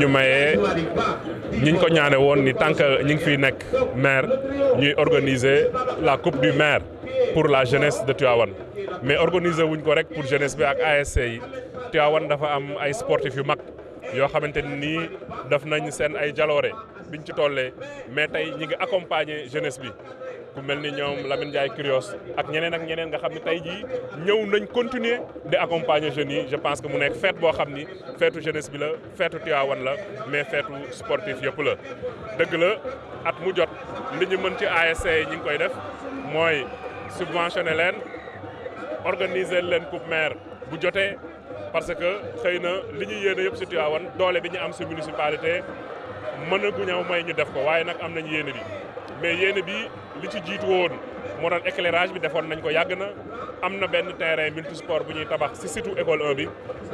ñu mayee ñiñ ko ñaane woon ni tant que ñi ngi fiy nekk maire ñuy organiser la coupe du maire pour la jeunesse de Tivaouane mais organiser wuñ ko rek pour jeunesse bi ak ASC yi Tivaouane dafa am ay sportif yu mag yoo xamante nii daf nañu seen ay jaloore biñ ci tollee mais tey ñi ngi accompagner jeunesse bi ku mel ni ñoom Lamine Ndiaye Curios ak ñeneen ak ñeneen nga xam ne tey jii ñëw nañ continuer di accompagner jeunes yi je pense que mu nekk fête boo xam ni feetu jeunesse bi la feetu Tivaouane la mais feetu sportif yëpp la. dëgg la at mu jot li ñu mën ci ASC yi ñu ngi koy def mooy subventionner leen organiser leen coupe maire bu jotee parce que xëy na li ñu yéene yëpp si Tivaouane doole bi ñu am si municipalité mën a gu ñëw may ñu def ko waaye nag am nañ yéene bi. mais yéene bii li ci jiitu woon moo doon éclairage bi defoon nañ ko yàgg na am na benn terrain multisport bu ñuy tabax si situ école 1 bi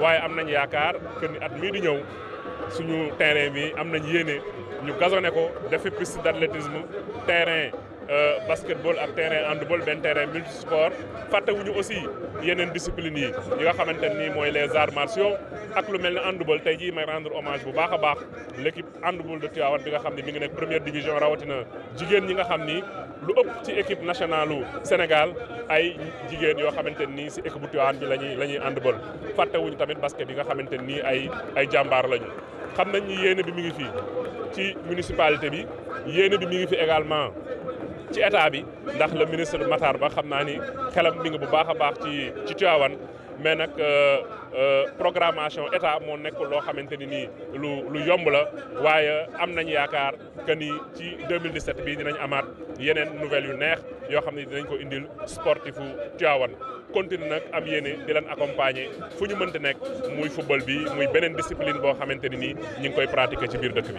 waaye am nañ yaakaar que at mii di ñëw suñu terrain bi am nañ yéene ñu gazonné ko defi piste d' athlétisme terrain Euh, basketball ak terrain handball benn terrain multisport ñu aussi yeneen discipline yi yi nga xamante ne nii mooy les arts martiaux ak lu mel ne handball tey jii may rendre omage bu baax a baax l' équipe handball de Tivaouane bi nga xam ne mi ngi nekk première division rawatina jigéen ñi nga xam ni lu ëpp ci équipe nationale u Sénégal ay jigéen yoo xamante ne nii si équipe bu Tivaouane bi la ñuy la ñuy handball fàttewuñu tamit basket bi nga xamante ne nii ay ay jàmbaar lañu xam nañ ni yéene bi mi ngi fii ci municipalité bi yéene bi mi ngi fi également. ci état bi ndax le ministre Matar Ba xam naa ni xelam bi nga bu baax a baax ci ci Tivaouane mais nag euh, euh, programmation état moo nekk loo xamante ni nii lu lu yomb la waaye am nañ yaakaar que ni ci 2017 bii dinañ amaat yeneen nouvelles yu neex yoo xam ne dinañ ko indil sportifu Tivaouane continue nag am yéene di leen accompagner fu ñu mënti nekk muy football bi muy beneen discipline boo xamante ni nii ñu ngi koy pratiquer ci biir dëkk bi